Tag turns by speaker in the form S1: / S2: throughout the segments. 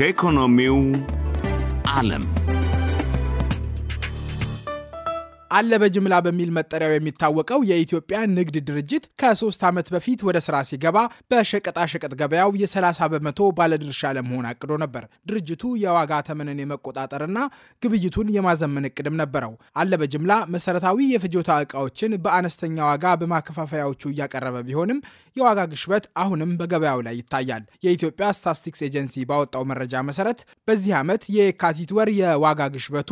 S1: ከኢኮኖሚው ዓለም አለ በጅምላ በሚል መጠሪያው የሚታወቀው የኢትዮጵያ ንግድ ድርጅት ከሶስት ዓመት በፊት ወደ ስራ ሲገባ በሸቀጣሸቀጥ ገበያው የ30 በመቶ ባለድርሻ ለመሆን አቅዶ ነበር። ድርጅቱ የዋጋ ተመንን የመቆጣጠርና ግብይቱን የማዘመን እቅድም ነበረው። አለ በጅምላ መሰረታዊ የፍጆታ እቃዎችን በአነስተኛ ዋጋ በማከፋፈያዎቹ እያቀረበ ቢሆንም የዋጋ ግሽበት አሁንም በገበያው ላይ ይታያል። የኢትዮጵያ ስታስቲክስ ኤጀንሲ ባወጣው መረጃ መሰረት በዚህ ዓመት የካቲት ወር የዋጋ ግሽበቱ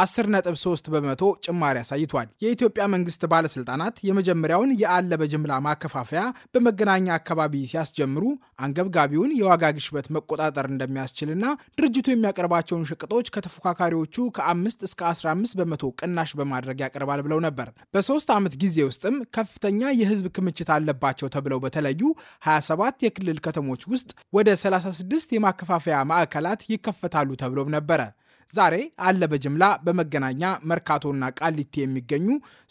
S1: 10.3 በመቶ ጭማሪ አሳይቷል። የኢትዮጵያ መንግስት ባለስልጣናት የመጀመሪያውን የአለ በጅምላ ማከፋፈያ በመገናኛ አካባቢ ሲያስጀምሩ አንገብጋቢውን የዋጋ ግሽበት መቆጣጠር እንደሚያስችልና ድርጅቱ የሚያቀርባቸውን ሸቀጦች ከተፎካካሪዎቹ ከ5 እስከ 15 በመቶ ቅናሽ በማድረግ ያቀርባል ብለው ነበር። በሶስት ዓመት ጊዜ ውስጥም ከፍተኛ የህዝብ ክምችት አለባቸው ተብለው በተለዩ 27 የክልል ከተሞች ውስጥ ወደ 36 የማከፋፈያ ማዕከላት ይከፈታሉ ተብሎም ነበረ። ዛሬ አለ በጅምላ በመገናኛ መርካቶና ቃሊቲ የሚገኙ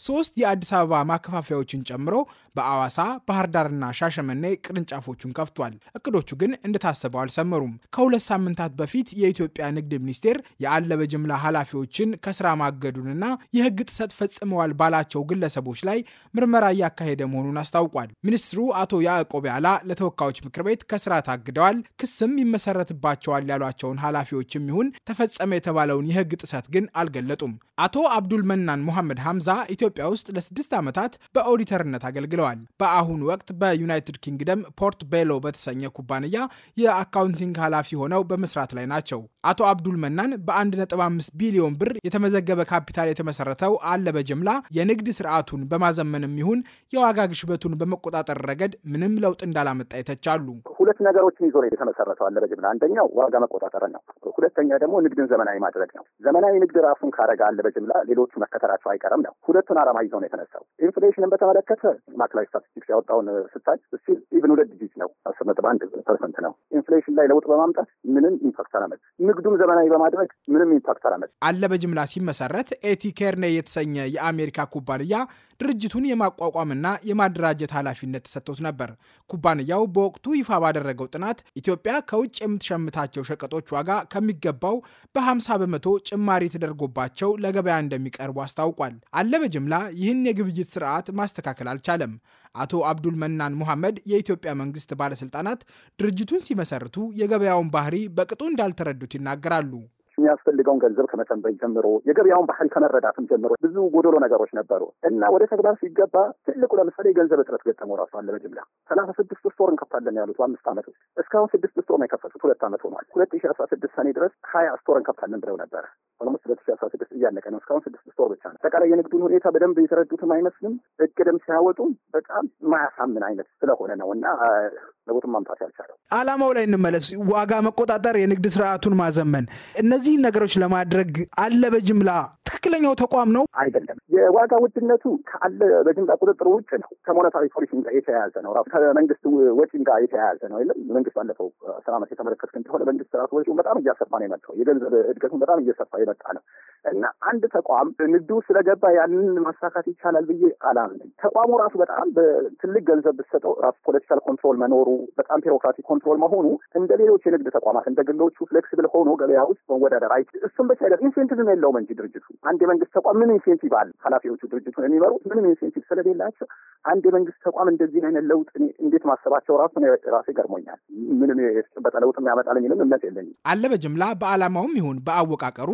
S1: ሶስት የአዲስ አበባ ማከፋፈያዎችን ጨምሮ በአዋሳ ባህርዳርና ሻሸመኔ ቅርንጫፎቹን ከፍቷል። እቅዶቹ ግን እንደታሰበው አልሰመሩም። ከሁለት ሳምንታት በፊት የኢትዮጵያ ንግድ ሚኒስቴር የአለ በጅምላ ኃላፊዎችን ከስራ ማገዱንና የህግ ጥሰት ፈጽመዋል ባላቸው ግለሰቦች ላይ ምርመራ እያካሄደ መሆኑን አስታውቋል። ሚኒስትሩ አቶ ያዕቆብ ያላ ለተወካዮች ምክር ቤት ከስራ ታግደዋል፣ ክስም ይመሰረትባቸዋል ያሏቸውን ኃላፊዎችም ይሁን ተፈጸመ የተባለውን የህግ ጥሰት ግን አልገለጡም። አቶ አብዱል መናን ሙሐመድ ሐምዛ ኢትዮጵያ ውስጥ ለስድስት ዓመታት በኦዲተርነት አገልግለዋል። በአሁኑ ወቅት በዩናይትድ ኪንግደም ፖርት ቤሎ በተሰኘ ኩባንያ የአካውንቲንግ ኃላፊ ሆነው በመስራት ላይ ናቸው። አቶ አብዱል መናን በ1.5 ቢሊዮን ብር የተመዘገበ ካፒታል የተመሰረተው አለ በጀምላ የንግድ ስርዓቱን በማዘመንም ይሁን የዋጋ ግሽበቱን በመቆጣጠር ረገድ ምንም ለውጥ እንዳላመጣ ይተቻሉ።
S2: ሁለት ነገሮችን ይዞ ነው የተመሰረተው አለ በጀምላ አንደኛው ዋጋ መቆጣጠር ነው። ሁለተኛ ደግሞ ንግድን ዘመናዊ ዘመናዊ ማድረግ ነው። ዘመናዊ ንግድ ራሱን ካረጋ አለ በጅምላ ሌሎቹ መከተላቸው አይቀርም ነው። ሁለቱን አላማ ይዘው ነው የተነሳው። ኢንፍሌሽንን በተመለከተ ማዕከላዊ ስታቲስቲክስ ያወጣውን ስታይ እሱ ኢቭን ሁለት ዲጂት ነው፣ አስር ነጥብ አንድ ፐርሰንት ነው። ኢንፍሌሽን ላይ ለውጥ በማምጣት ምንም ኢምፓክት አላመጣም። ንግዱም ዘመናዊ በማድረግ ምንም ኢምፓክት አላመጣም
S1: አለ። በጅምላ ሲመሰረት ኤቲኬርኔ የተሰኘ የአሜሪካ ኩባንያ ድርጅቱን የማቋቋምና የማደራጀት ኃላፊነት ተሰጥቶት ነበር። ኩባንያው በወቅቱ ይፋ ባደረገው ጥናት ኢትዮጵያ ከውጭ የምትሸምታቸው ሸቀጦች ዋጋ ከሚገባው በ50 በመቶ ጭማሪ ተደርጎባቸው ለገበያ እንደሚቀርቡ አስታውቋል። አለ በጅምላ ይህን የግብይት ስርዓት ማስተካከል አልቻለም። አቶ አብዱል መናን ሙሐመድ የኢትዮጵያ መንግስት ባለስልጣናት ድርጅቱን ሲመሰርቱ የገበያውን ባህሪ በቅጡ እንዳልተረዱት ይናገራሉ።
S2: የሚያስፈልገውን ገንዘብ ከመተንበይ ጀምሮ የገበያውን ባህል ከመረዳትም ጀምሮ ብዙ ጎዶሎ ነገሮች ነበሩ እና ወደ ተግባር ሲገባ ትልቁ ለምሳሌ የገንዘብ እጥረት ገጠመው ራሱ አለ። በጅምላ ሰላሳ ስድስት ስቶር እንከፍታለን ያሉት በአምስት ዓመት ውስጥ እስካሁን ስድስት ስቶር ነው የከፈቱት። ሁለት ዓመት ሆኗል። ሁለት ሺ አስራ ስድስት ሰኔ ድረስ ሀያ ስቶር እንከፍታለን ብለው ነበረ። ኦልሞስት ሁለት ሺ አስራ ስድስት እያለቀ ነው። እስካሁን ስድስት ስቶር ብቻ ነው። አጠቃላይ የንግዱን ሁኔታ በደንብ የተረዱትም አይመስልም። እቅድም ሲያወጡም በጣም ማያሳምን አይነት ስለሆነ ነው እና ለቦትም ማምጣት ያልቻለው
S1: አላማው ላይ እንመለስ። ዋጋ መቆጣጠር፣ የንግድ ስርዓቱን ማዘመን እነዚህ እነዚህን ነገሮች ለማድረግ አለ በጅምላ ትክክለኛው ተቋም ነው አይደለም።
S2: የዋጋ ውድነቱ ከአለ በጅምላ ቁጥጥር ውጭ ነው። ከሞኔታሪ ፖሊሲም ጋር የተያያዘ ነው። ራሱ ከመንግስት ወጪም ጋር የተያያዘ ነው። የለም መንግስት ባለፈው አስር ዓመት የተመለከት እንደሆነ መንግስት ራሱ ወጪውን በጣም እያሰፋ ነው የመጣው። የገንዘብ እድገቱን በጣም እየሰፋ የመጣ ነው እና አንድ ተቋም ንግዱ ስለገባ ያንን ማሳካት ይቻላል ብዬ አላምንም። ተቋሙ ራሱ በጣም በትልቅ ገንዘብ ብትሰጠው ራሱ ፖለቲካል ኮንትሮል መኖሩ፣ በጣም ቢሮክራቲክ ኮንትሮል መሆኑ እንደ ሌሎች የንግድ ተቋማት እንደ ግሎቹ ፍሌክሲብል ሆኖ ገበያ ውስጥ መወዳደር አይችል። እሱም ብቻ አይደለም ኢንሴንቲቭም የለውም እንጂ ድርጅቱ አንድ የመንግስት ተቋም ምን ኢንሴንቲቭ አለ? ኃላፊዎቹ ድርጅቱን የሚመሩት ምንም ኢንሴንቲቭ ስለሌላቸው አንድ የመንግስት ተቋም እንደዚህ አይነት ለውጥ እንዴት ማሰባቸው ራሱ ራሴ ገርሞኛል ምንም የተጨበጠ ለውጥ የሚያመጣል የሚልም እምነት የለኝም።
S1: አለ በጅምላ በአላማውም ይሁን በአወቃቀሩ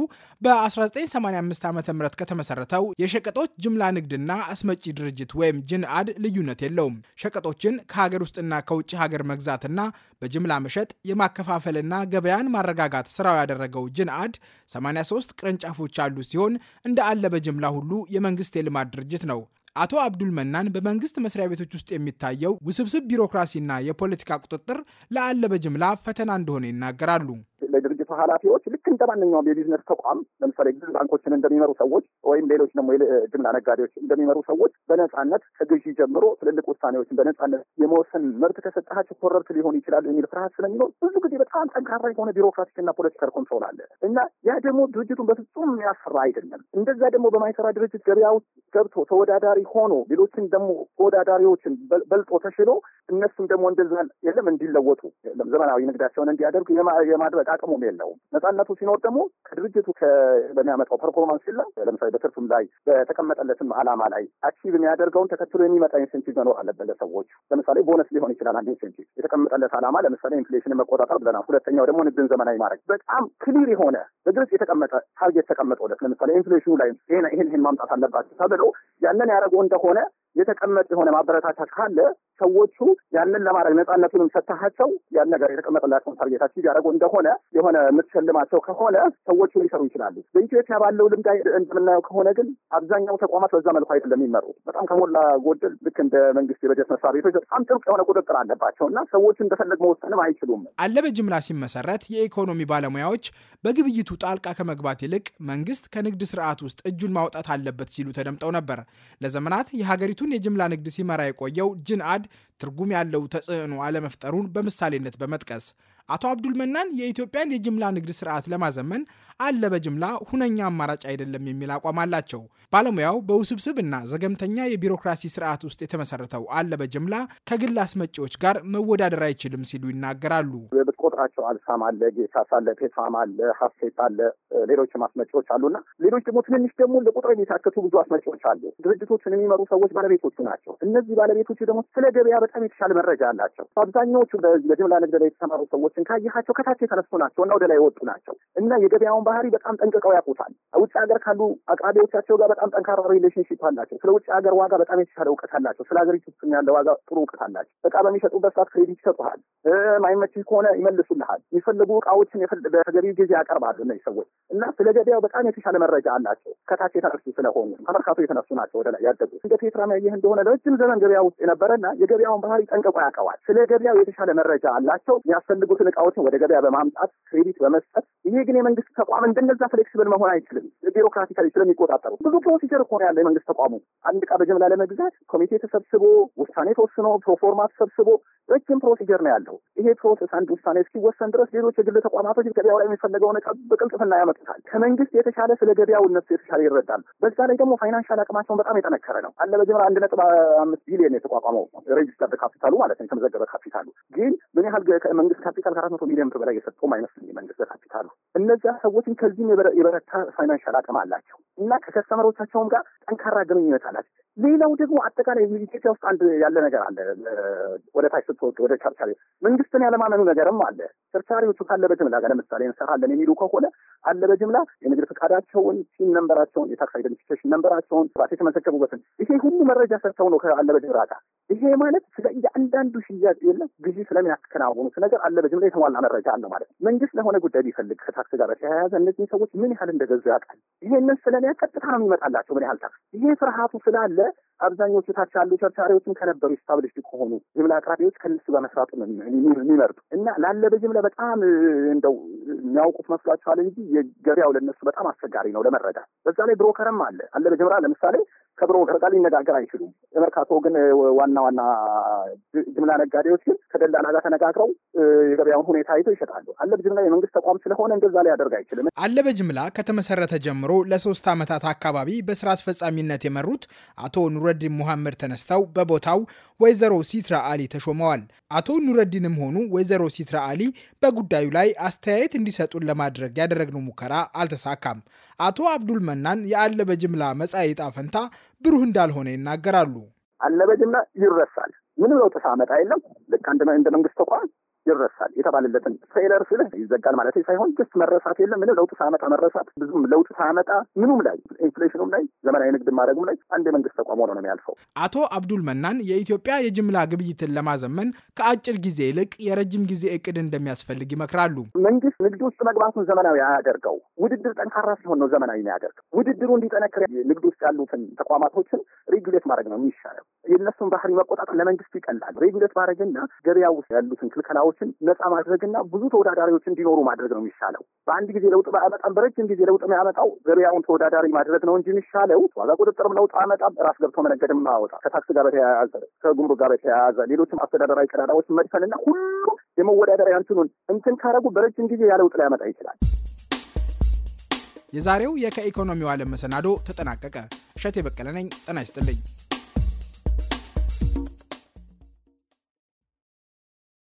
S1: በ1985 ዓ ም ከተመሰረተው የሸቀጦች ጅምላ ንግድና አስመጪ ድርጅት ወይም ጅንአድ ልዩነት የለውም። ሸቀጦችን ከሀገር ውስጥና ከውጭ ሀገር መግዛትና በጅምላ መሸጥ የማከፋፈልና ገበያን ማረጋጋት ስራው ያደረገው ጅን አድ 83 ቅርንጫፎች ያሉ ሲሆን እንደ አለ በጅምላ ሁሉ የመንግስት የልማት ድርጅት ነው። አቶ አብዱል መናን በመንግስት መስሪያ ቤቶች ውስጥ የሚታየው ውስብስብ ቢሮክራሲና የፖለቲካ ቁጥጥር ለአለ በጅምላ ፈተና እንደሆነ ይናገራሉ።
S2: ለድርጅቱ ኃላፊዎች ልክ እንደ ማንኛውም የቢዝነስ ተቋም ለምሳሌ ግል ባንኮችን እንደሚመሩ ሰዎች ወይም ሌሎች ደግሞ ጅምላ ነጋዴዎች እንደሚመሩ ሰዎች በነፃነት ከግዢ ጀምሮ ትልልቅ ውሳኔዎችን በነፃነት የመወሰን መብት ከሰጠሃቸው ኮረብት ሊሆን ይችላል የሚል ፍርሃት ስለሚኖር ብዙ ጊዜ በጣም ጠንካራ የሆነ ቢሮክራቲክና ፖለቲካል ኮንትሮል አለ እና ያ ደግሞ ድርጅቱን በፍጹም የሚያሰራ አይደለም። እንደዛ ደግሞ በማይሰራ ድርጅት ገበያ ውስጥ ገብቶ ተወዳዳሪ ሆኖ ሌሎችን ደግሞ ተወዳዳሪዎችን በልጦ ተሽሎ እነሱም ደግሞ እንደዛ የለም እንዲለወጡ ዘመናዊ ንግዳቸውን እንዲያደርጉ የማድረግ የመጠበቅ አቅሙም የለውም። ነፃነቱ ሲኖር ደግሞ ከድርጅቱ በሚያመጣው ፐርፎርማንስ ላ ለምሳሌ በትርፍም ላይ በተቀመጠለትም አላማ ላይ አቺቭ የሚያደርገውን ተከትሎ የሚመጣ ኢንሴንቲቭ መኖር አለበት። ለሰዎች ለምሳሌ ቦነስ ሊሆን ይችላል። አንድ ኢንሴንቲቭ የተቀመጠለት አላማ ለምሳሌ ኢንፍሌሽን መቆጣጠር ብለናል። ሁለተኛው ደግሞ ንግድን ዘመናዊ ማድረግ በጣም ክሊር የሆነ በግልጽ የተቀመጠ ታርጌት ተቀመጠለት። ለምሳሌ ኢንፍሌሽኑ ላይ ይህን ይህን ማምጣት አለባቸው ተብሎ ያንን ያደረገው እንደሆነ የተቀመጠ የሆነ ማበረታቻ ካለ ሰዎቹ ያንን ለማድረግ ነጻነቱንም ሰታሃቸው ያን ነገር የተቀመጠላቸውን ታርጌታችን ያደረጉ እንደሆነ የሆነ የምትሸልማቸው ከሆነ ሰዎቹ ሊሰሩ ይችላሉ። በኢትዮጵያ ባለው ልምድ እንደምናየው ከሆነ ግን አብዛኛው ተቋማት በዛ መልኩ አይደለም የሚመሩት። በጣም ከሞላ ጎደል ልክ እንደ መንግስት የበጀት መስሪያ ቤቶች በጣም ጥብቅ የሆነ ቁጥጥር አለባቸው እና ሰዎች እንደፈለግ መወሰንም አይችሉም።
S1: አለ በጅምላ ሲመሰረት የኢኮኖሚ ባለሙያዎች በግብይቱ ጣልቃ ከመግባት ይልቅ መንግስት ከንግድ ስርዓት ውስጥ እጁን ማውጣት አለበት ሲሉ ተደምጠው ነበር። ለዘመናት የሀገሪቱን የጅምላ ንግድ ሲመራ የቆየው ጅንአድ ትርጉም ያለው ተጽዕኖ አለመፍጠሩን በምሳሌነት በመጥቀስ አቶ አብዱል መናን የኢትዮጵያን የጅምላ ንግድ ስርዓት ለማዘመን አለ በጅምላ ሁነኛ አማራጭ አይደለም የሚል አቋም አላቸው። ባለሙያው በውስብስብ እና ዘገምተኛ የቢሮክራሲ ስርዓት ውስጥ የተመሰረተው አለ በጅምላ ከግል አስመጪዎች ጋር መወዳደር አይችልም ሲሉ ይናገራሉ።
S2: የምትቆጥራቸው አልሳም አለ፣ ጌሳስ አለ፣ ፔፋም አለ፣ ሀሴት አለ፣ ሌሎችም አስመጪዎች አሉና ሌሎች ደግሞ ትንንሽ ደግሞ ለቁጥር የሚታክቱ ብዙ አስመጪዎች አሉ። ድርጅቶቹን የሚመሩ ሰዎች ባለቤቶቹ ናቸው። እነዚህ ባለቤቶቹ ደግሞ ስለ ገበያ በጣም የተሻለ መረጃ አላቸው። አብዛኛዎቹ በጅምላ ንግድ ላይ የተሰማሩ ሰዎች ሀገሮችን ካየሃቸው ከታች የተነሱ ናቸው እና ወደ ላይ የወጡ ናቸው እና የገበያውን ባህሪ በጣም ጠንቅቀው ያውቁታል። ውጭ ሀገር ካሉ አቅራቢዎቻቸው ጋር በጣም ጠንካራ ሪሌሽንሽፕ አላቸው። ስለ ውጭ ሀገር ዋጋ በጣም የተሻለ እውቀት አላቸው። ስለ ሀገሪቱ ውስጥ ያለ ዋጋ ጥሩ እውቀት አላቸው። እቃ በሚሸጡበት ሰዓት ክሬዲት ይሰጡሃል። ማይመችህ ከሆነ ይመልሱልሃል። የሚፈልጉ እቃዎችን በተገቢው ጊዜ ያቀርባሉ። እነዚህ ሰዎች እና ስለ ገበያው በጣም የተሻለ መረጃ አላቸው። ከታች የተነሱ ስለሆኑ ከመርካቶ የተነሱ ናቸው ወደ ላይ ያደጉት። እንደ ፔትራም ያየህ እንደሆነ ለረጅም ዘመን ገበያ ውስጥ የነበረና የገበያውን ባህሪ ጠንቅቆ ያውቀዋል። ስለ ገበያው የተሻለ መረጃ አላቸው። የሚያስፈልጉትን የሚሆን እቃዎችን ወደ ገበያ በማምጣት ክሬዲት በመስጠት ይሄ ግን የመንግስት ተቋም እንደነዛ ፍሌክሲብል መሆን አይችልም። ቢሮክራቲካሊ ስለሚቆጣጠሩ ብዙ ፕሮሲጀር እኮ ነው ያለው የመንግስት ተቋሙ። አንድ እቃ በጅምላ ለመግዛት ኮሚቴ ተሰብስቦ ውሳኔ ተወስኖ ፕሮፎርማ ተሰብስቦ ረጅም ፕሮሲጀር ነው ያለው። ይሄ ፕሮሰስ አንድ ውሳኔ እስኪወሰን ድረስ ሌሎች የግል ተቋማቶች ገበያው ላይ የሚፈለገውን እቃ በቅልጥፍና ያመጡታል። ከመንግስት የተሻለ ስለ ገበያው እነሱ የተሻለ ይረዳሉ። በዛ ላይ ደግሞ ፋይናንሻል አቅማቸውን በጣም የጠነከረ ነው አለ በጀምላ አንድ ነጥብ አምስት ቢሊዮን የተቋቋመው ሬጅስተርድ ካፒታሉ ማለት ነው የተመዘገበ ካፒታሉ ግን ያህል መንግስት ካፒታል ከአራት መቶ ሚሊዮን ብር በላይ የሰጠውም አይመስለኝም መንግስት ለካፒታሉ። እነዚያ ሰዎችም ከዚህም የበረታ ፋይናንሻል አቅም አላቸው እና ከከስተመሮቻቸውም ጋር ጠንካራ ግንኙነት አላቸው። ሌላው ደግሞ አጠቃላይ ኢትዮጵያ ውስጥ አንድ ያለ ነገር አለ። ወደ ታች ስትወጡ ወደ ቸርቻሪ መንግስትን ያለማመኑ ነገርም አለ። ቸርቻሪዎቹ ካለ በጅምላ ለምሳሌ እንሰራለን የሚሉ ከሆነ አለ በጅምላ የንግድ ፈቃዳቸውን፣ ሲን ነንበራቸውን፣ የታክስ አይደንቲፊኬሽን ነንበራቸውን ራስ የተመዘገቡበትን ይሄ ሁሉ መረጃ ሰጥተው ነው ከአለ በጅምላ ጋር ይሄ ማለት ስለ እያንዳንዱ ሽያጭ የለም ግዢ ያከናወኑት ነገር አለ በጅምላ የተሟላ መረጃ አለ ማለት ነው። መንግስት ለሆነ ጉዳይ ቢፈልግ ከታክስ ጋር በተያያዘ እነዚህ ሰዎች ምን ያህል እንደገዙ ያውቃል። ይሄንን ስለሚያ ቀጥታ ነው የሚመጣላቸው ምን ያህል ታክስ። ይሄ ፍርሃቱ ስላለ አብዛኞቹ ታች ያሉ ቸርቻሪዎችም ከነበሩ ስታብሊሽ ከሆኑ ጅምላ አቅራቢዎች ከነሱ ጋር መስራቱ ነው የሚመርጡ እና ላለ በጅምላ በጣም እንደው የሚያውቁት መስሏቸዋል እንጂ የገበያው ለነሱ በጣም አስቸጋሪ ነው ለመረዳት። በዛ ላይ ብሮከርም አለ አለ በጅምላ ለምሳሌ ከብሮከር ጋር ሊነጋገር አይችሉም። የመርካቶ ግን ዋና ዋና ጅምላ ነጋዴዎች ግን ከደላላ ጋር ተነጋግረው የገበያውን ሁኔታ አይተው ይሸጣሉ። አለበ ጅምላ የመንግስት ተቋም ስለሆነ እንደዛ ሊያደርግ አይችልም።
S1: አለበ ጅምላ ከተመሰረተ ጀምሮ ለሶስት ዓመታት አካባቢ በስራ አስፈጻሚነት የመሩት አቶ ኑረዲን ሙሐመድ ተነስተው በቦታው ወይዘሮ ሲትራ አሊ ተሾመዋል። አቶ ኑረዲንም ሆኑ ወይዘሮ ሲትራ አሊ በጉዳዩ ላይ አስተያየት እንዲሰጡን ለማድረግ ያደረግነው ሙከራ አልተሳካም። አቶ አብዱል መናን የአለበ ጅምላ መጻኢ ዕጣ ፈንታ ብሩህ እንዳልሆነ
S2: ይናገራሉ። አለበ ጅምላ ይረሳል። ምንም ለውጥ ሳመጣ የለም። ልክ አንድ እንደ መንግስት ተቋም ይረሳል የተባለለትን ፌለር ስልህ ይዘጋል ማለት ሳይሆን ጀስት መረሳት የለም ምንም ለውጥ ሳመጣ መረሳት ብዙም ለውጥ ሳመጣ ምኑም ላይ ኢንፍሌሽኑም ላይ ዘመናዊ ንግድ ማድረጉም ላይ አንድ የመንግስት ተቋም ሆኖ ነው የሚያልፈው።
S1: አቶ አብዱል መናን የኢትዮጵያ የጅምላ ግብይትን ለማዘመን ከአጭር ጊዜ ይልቅ የረጅም ጊዜ እቅድ እንደሚያስፈልግ ይመክራሉ።
S2: መንግስት ንግድ ውስጥ መግባቱን ዘመናዊ አያደርገው። ውድድር ጠንካራ ሲሆን ነው ዘመናዊ ነው ያደርገው። ውድድሩ እንዲጠነክር ንግድ ውስጥ ያሉትን ተቋማቶችን ሬጉሌት ማድረግ ነው የሚሻለው። የእነሱን ባህሪ መቆጣጠር ለመንግስት ይቀላል። ሬጉሌት ማድረግና ገበያ ውስጥ ያሉትን ክልከላዎችን ነጻ ማድረግና ብዙ ተወዳዳሪዎች እንዲኖሩ ማድረግ ነው የሚሻለው። በአንድ ጊዜ ለውጥ ባያመጣም በረጅም ጊዜ ለውጥ የሚያመጣው ገበያውን ተወዳዳሪ ማድረግ ነው እንጂ የሚሻለው ዋጋ ቁጥጥርም ለውጥ አመጣም ራስ ገብቶ መነገድም ማወጣ ከታክስ ጋር በተያያዘ ከጉምሩክ ጋር በተያያዘ ሌሎችም አስተዳደራዊ ቀዳዳዎችን መድፈንና ሁሉም የመወዳደሪያ እንትኑን እንትን ካረጉ በረጅም ጊዜ ያለውጥ ሊያመጣ ይችላል።
S1: የዛሬው የከኢኮኖሚው ዓለም መሰናዶ ተጠናቀቀ። እሸቴ በቀለ ነኝ። ጤና ይስጥልኝ።